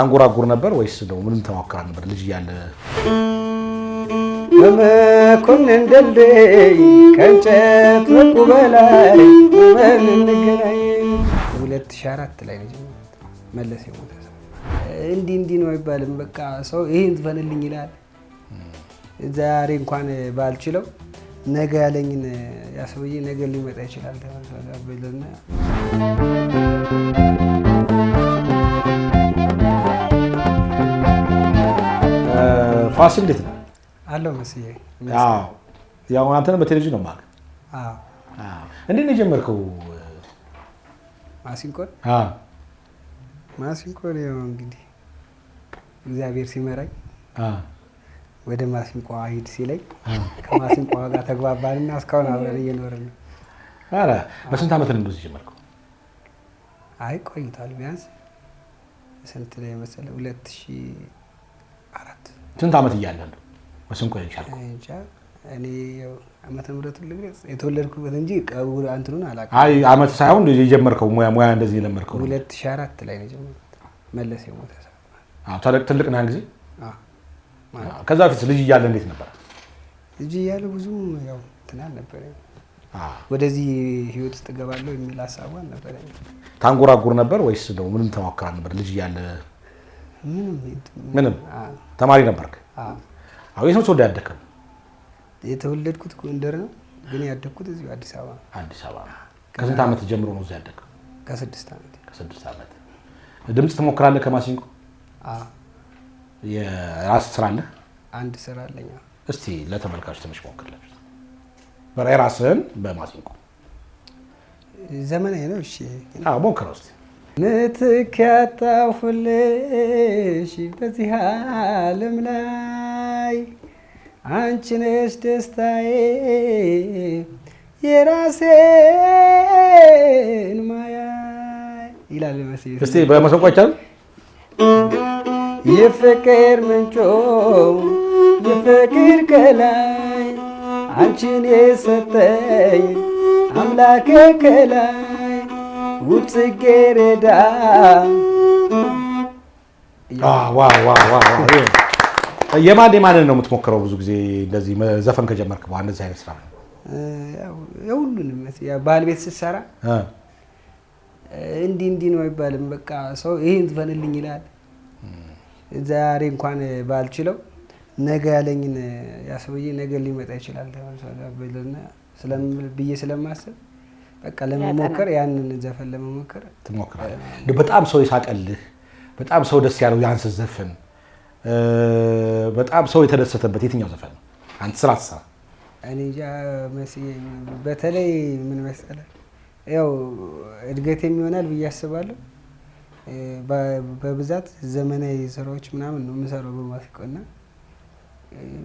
አንጎራጉር ነበር ወይስ ነው ምንም ተሞክራ ነበር ልጅ እያለ በመኮንን ደልደይ ከእንጨት መቁ በላይ ምን እንገናኝ። ሁለት ሺህ ላይ ልጅ መለስ የሞተ ሰው እንዲህ እንዲህ ነው አይባልም። በቃ ሰው ይሄን ዝፈንልኝ ይላል። ዛሬ እንኳን ባልችለው ነገ ያለኝን ያ ነገ ሊመጣ ይችላል ተባልና ፋሲ እንዴት ነው አለው መስዬ? አዎ ያው አንተን በቴሌቪዥን ነው የማውቅ። አዎ አዎ። እንዴት ነው የጀመርከው ማሲንቆን? አዎ ማሲንቆን ያው እንግዲህ እግዚአብሔር ሲመራኝ ወደ ማሲንቆ ሂድ ሲለኝ ከማሲንቆ ጋር ተግባባንና እስካሁን አብረን እየኖርን ነው። ኧረ በስንት ዓመት ነው እንደዚህ ጀመርከው? አይ ቆይቷል። ቢያንስ ስንት ላይ መሰለህ? ሁለት ሺህ አራት ስንት ዓመት እያለህ ነው ዓመተ ልግለጽ የተወለድኩበት እንጂ ቀብር አላውቅም። አይ ዓመት ሳይሆን የጀመርከው ሙያ ሙያ እንደዚህ የለመድከው ሁለት ሺህ አራት ላይ ነው የጀመርኩት። መለስ የሞተ ትልቅ ነህ ጊዜ ከዛ በፊት ልጅ እያለ እንዴት ነበረ? ልጅ እያለ ብዙ ያው እንትን አልነበረኝ። ወደዚህ ህይወት ውስጥ እገባለሁ የሚል ሀሳቡ አልነበረኝ። ታንጎራጉር ነበር ወይስ ምንም ተሞክራል ነበር ልጅ እያለ ምንም ተማሪ ነበርክ? አዎ። የት ነው ተወልደህ ያደግከው? የተወለድኩት ጎንደር ነው፣ ግን ያደግኩት እዚሁ አዲስ አበባ። አዲስ አበባ ከስንት ዓመት ጀምሮ ነው እዚያ ያደግከው? ከስድስት ዓመት። ከስድስት ዓመት ድምፅ ትሞክራለህ? ከማሲንቆ የራስ ስራ አለህ? አንድ ስራ አለኝ። እስቲ ለተመልካች ትንሽ ሞክርላችሁ። በራስህን በማሲንቆ ዘመናዊ ነው። እሺ ሞክረው እስቲ ምትክ ያጣሁልሽ በዚህ ዓለም ላይ አንቺ ነሽ ደስታዬ የራሴን ማያ ይላል መሰለኝ። እስቲ በመሰንቋቻል የፍቅር ምንጮ የፍቅር ከላይ አንቺን የሰጠኝ አምላክ ከላይ ውብ ጽጌረዳ የማን የማንን ነው የምትሞክረው? ብዙ ጊዜ እንደዚህ ዘፈን ከጀመርክ በኋላ እንደዚህ አይነት ስራ የሁሉንም ባህል ቤት ስትሰራ እንዲህ እንዲህ ነው አይባልም። በቃ ሰው ይህን ዝፈንልኝ ይላል። ዛሬ እንኳን ባልችለው ነገ ያለኝን ያ ነገ ሊመጣ ይችላል ብዬ ስለማስብ በቃ ለመሞከር ያንን ዘፈን ለመሞከር ትሞክራለህ። በጣም ሰው ይሳቀልህ፣ በጣም ሰው ደስ ያለው ያን ዘፈን በጣም ሰው የተደሰተበት የትኛው ዘፈን ነው? አንተ ስራ ትሰራ እኔ እንጃ መስዬ፣ በተለይ ምን መሰለህ ያው እድገት የሚሆናል ብዬ አስባለሁ። በብዛት ዘመናዊ ስራዎች ምናምን ነው የምሰራው በማሲንቆ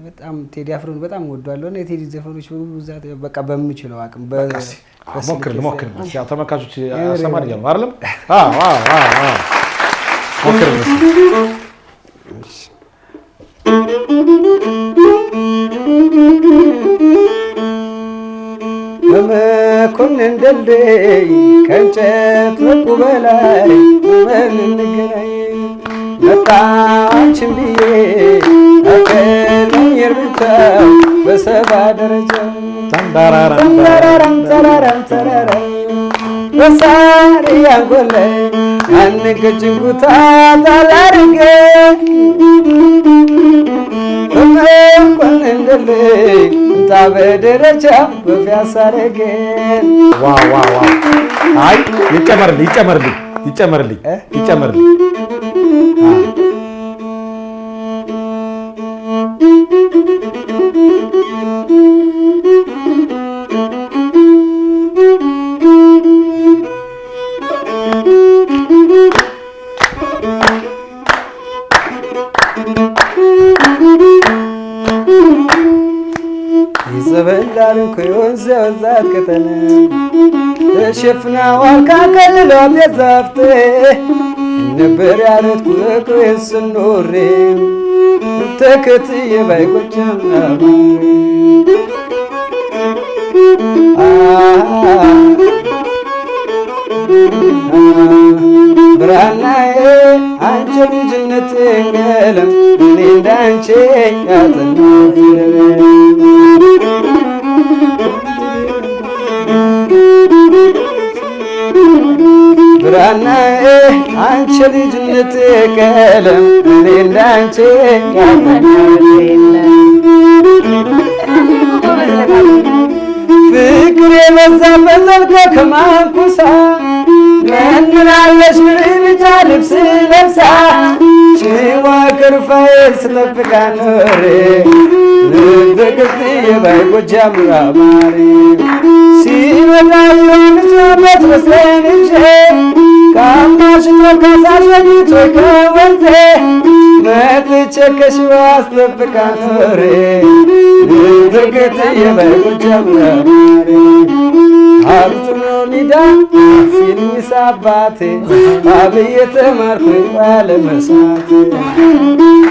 በጣም ቴዲ አፍሮን በጣም ወዷለሁ እና የቴዲ ዘፈኖች ብዛት በቃ በምችለው አቅም ሞክር ሞክር። ተመልካቾች አሰማድኛ ነው አይደለም? ሞክር በመኮንን ደልደይ ከእንጨት መቁ በላይ ምን እንገናኝ መጣችን ብዬ እግዚአብሔር ብቻ በሰባ ደረጃ ተንበራራም ተራራም ተራራም ይጨመርልኝ ይጨመርልኝ ይጨመርልኝ ይጨመርልኝ ዘበላልኩ ዘብዛት ከተነ ተሸፍና ዋልካ ከልሎት የዘፍቴ ነበር ያለት ፍቅሬን ስኖሬ ተከትዬ ባይጎጃም ብርሃናዬ አንቺ ልጅነት ቀለም እኔ እንዳንቺ ያጠናፍረ ብራናዬ አንቺ ልጅነት ቀለም እኔ እንዳንቺ ፍቅር የበዛበት ዘልቆ ከማንኩሳ ምንላለች ብቻ ልብስ ለብሳ ጭዋ ክርፋዬ ስጠብቃ ኖሬ ምንትቅርት የባይ ጎጃም አማሪ መጥቼ ከወንዜ መጥቼ ከሽዋ አስጠብቃ ኖሬ ልትርክት የበጉ ጀመሬ ሀብትኖ ኒዳ ሲኒስ አባቴ አብዬ ተማርኩኝ ባለመስማቴ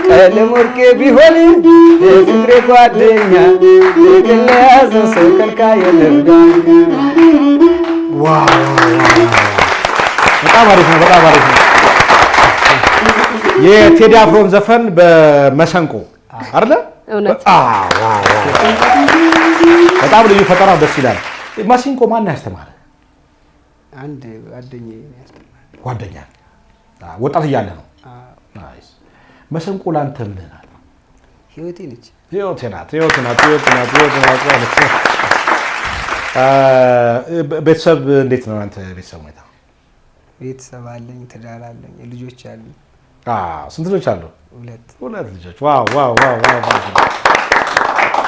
ቀንም ወርቄ ቢሆን የፍቅሬ ጓደኛ ልቅን ለያዘው ሰው ከልካ የለም ዳኛ በጣም አሪፍ ነው። በጣም አሪፍ ነው። የቴዲ አፍሮን ዘፈን በመሰንቆ አይደለ? በጣም ልዩ ፈጠራ፣ ደስ ይላል። ማሲንቆ ማን ያስተማረ? ጓደኛ ወጣት እያለ ነው። መሰንቆ ላንተ ምን ናት? ህይወቴ ነች። ህይወቴ ናት። ህይወቴ ናት። ህይወቴ ናት። ህይወቴ ናት። ቤተሰብ እንዴት ነው? አንተ ቤተሰብ ሁኔታ? ቤተሰብ አለኝ፣ ትዳር አለኝ፣ ልጆች አሉኝ። ስንት ልጆች አሉ? ሁለት ልጆች።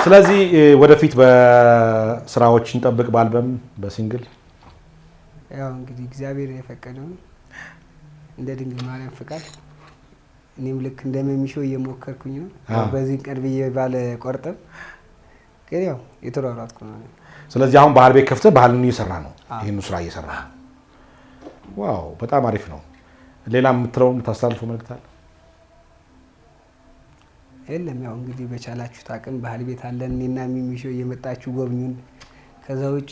ስለዚህ ወደፊት በስራዎች እንጠብቅ፣ በአልበም በሲንግል ያው እንግዲህ እግዚአብሔር የፈቀደውን እንደ ድንግል ማርያም ፍቃድ እኔም ልክ እንደመሚሸው እየሞከርኩኝ ነው። በዚህ ቀን ብዬ ባለ ቆርጥም ግን ያው የተሯሯጥኩ ነው። ስለዚህ አሁን ባህል ቤት ከፍተህ ባህልን እየሰራ ነው፣ ስራ እየሰራ ዋው በጣም አሪፍ ነው። ሌላ የምትለውም ልታስተላልፈው መልእክት አለ? የለም ያው እንግዲህ በቻላችሁት አቅም ባህል ቤት አለን እኔና የሚሚሸው እየመጣችሁ ጎብኙን። ከዛ ውጪ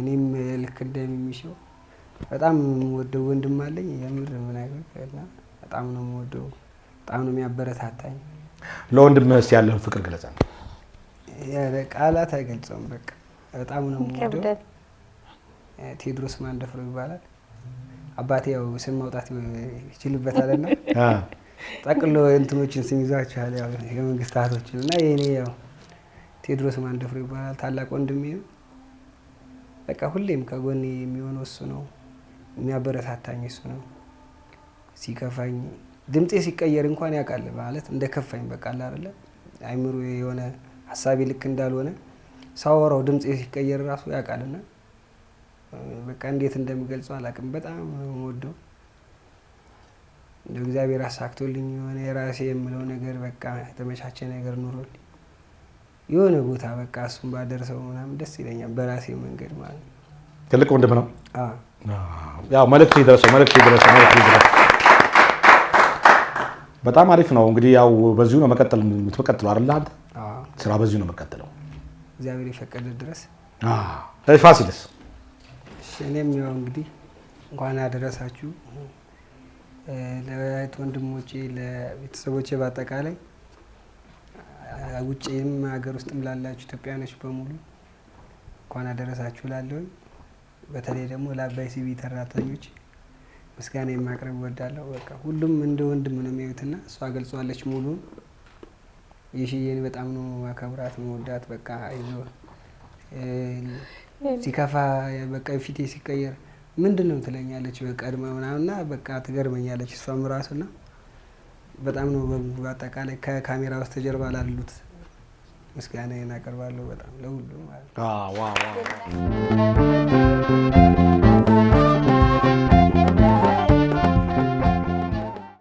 እኔም ልክ እንደ የሚሚሸው በጣም የምወደው ወንድም አለኝ። የምር ምናገርና በጣም ነው የምወደው፣ በጣም ነው የሚያበረታታኝ። ለወንድም ስ ያለን ፍቅር ግለጻ። ቃላት አይገልጸውም። በቃ በጣም ነው የምወደው። ቴዎድሮስ ማንደፍሮ ይባላል። አባቴ ያው ስም ማውጣት ይችልበታል እና ጠቅሎ እንትኖችን ስም ያው የመንግስት አቶችን እና የኔ ያው ቴዎድሮስ ማንደፍሮ ይባላል። ታላቅ ወንድሜ ነው። በቃ ሁሌም ከጎኔ የሚሆነው እሱ ነው። የሚያበረታታኝ እሱ ነው። ሲከፋኝ ድምጤ ሲቀየር እንኳን ያውቃል ማለት እንደ ከፋኝ በቃ አለ አይምሮ የሆነ ሀሳቤ ልክ እንዳልሆነ ሳወራው ድምፄ ሲቀየር ራሱ ያውቃልና በቃ እንዴት እንደምገልጸው አላውቅም። በጣም ነው የምወደው። እንደው እግዚአብሔር አሳክቶልኝ የሆነ የራሴ የምለው ነገር በቃ የተመቻቸ ነገር ኑሮልኝ የሆነ ቦታ በቃ እሱን ባደርሰው ምናምን ደስ ይለኛል። በራሴ መንገድ ማለት ነው። ትልቅ ወንድም ነው። ያው መልእክት መልእክት መልእክት በጣም አሪፍ ነው። እንግዲህ ያው በዚሁ ነው መቀጠል የምትቀጥለው አይደል? አንተ ስራ በዚሁ ነው መቀጠለው እግዚአብሔር የፈቀደ ድረስ ፋሲልስ እኔም ያው እንግዲህ እንኳን አደረሳችሁ ለእህት ወንድሞቼ፣ ለቤተሰቦቼ በአጠቃላይ ውጭም ሀገር ውስጥም ላላችሁ ኢትዮጵያኖች በሙሉ እንኳን አደረሳችሁ ላለሁኝ በተለይ ደግሞ ለአባይ ሲቪ ሰራተኞች ምስጋና የማቅረብ እወዳለሁ። በቃ ሁሉም እንደ ወንድም ነው የሚያዩትና እሷ ገልጿለች ሙሉን። የሽዬን በጣም ነው አከብራት መወዳት። በቃ አይዞህ ሲከፋ በቃ ፊቴ ሲቀየር ምንድን ነው ትለኛለች በቃ እድማ በቃ ትገርመኛለች እሷም ና በጣም ነው በአጠቃላይ ከካሜራ በስተጀርባ ላሉት ምስጋና ይናቀርባለሁ በጣም ለሁሉም ማለት ነው።